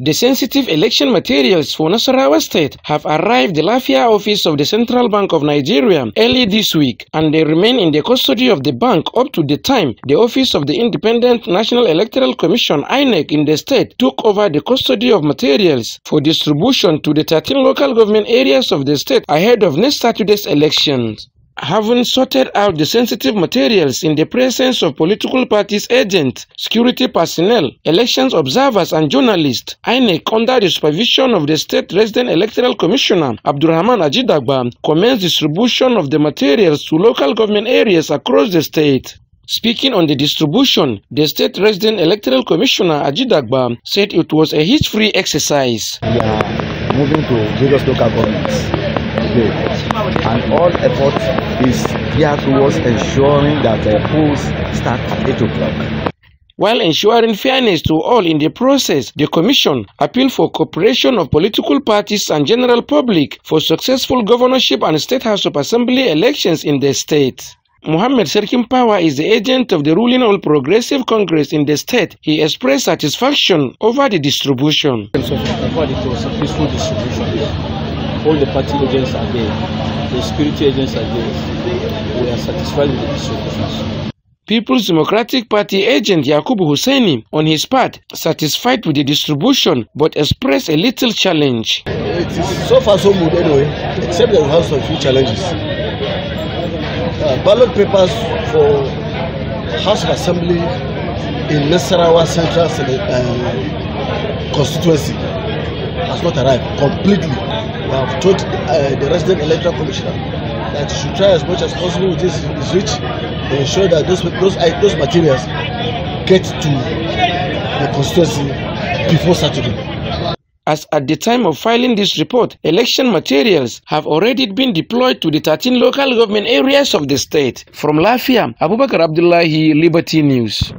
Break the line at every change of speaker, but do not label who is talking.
The sensitive election materials for Nasarawa State have arrived the Lafia office of the Central Bank of Nigeria early this week and they remain in the custody of the bank up to the time the office of the Independent National Electoral Commission INEC in the state took over the custody of materials for distribution to the 13 local government areas of the state ahead of next Saturday's elections having sorted out the sensitive materials in the presence of political parties' agents, security personnel, elections observers and journalists, INEC, under the supervision of the State Resident Electoral Commissioner, Abdurrahman Ajidagba, commenced distribution of the materials to local government areas across the state. Speaking on the distribution, the State Resident Electoral Commissioner Ajidagba said it was a hit-free exercise. We are
moving to various local governments
today
and all effort is geared towards ensuring that the polls start at 8 o'clock.
While ensuring fairness to all in the process, the Commission appealed for cooperation of political parties and general public for successful governorship and State House of Assembly elections in the state. Mohammed Serkin Power is the agent of the ruling All Progressive Congress in the state. He expressed satisfaction over the distribution. So,
peaceful distribution all the party agents are there,
the security agents are there. We are satisfied with the People's Democratic Party agent Yakubu Husseini, on his part, satisfied with the distribution but expressed a little challenge.
It is so far so good anyway, except that we have some few challenges. Uh, ballot papers for House of Assembly in Nasarawa Central uh, constituency has not arrived completely we have told uh, the resident electoral commissioner that he should try as much as possible with this switch reach to ensure that those, those, uh,
those materials get to the constituency
before Saturday.
As at the time of filing this report, election materials have already been deployed to the 13 local government areas of the state. From Lafia, Abubakar Abdullahi, Liberty News.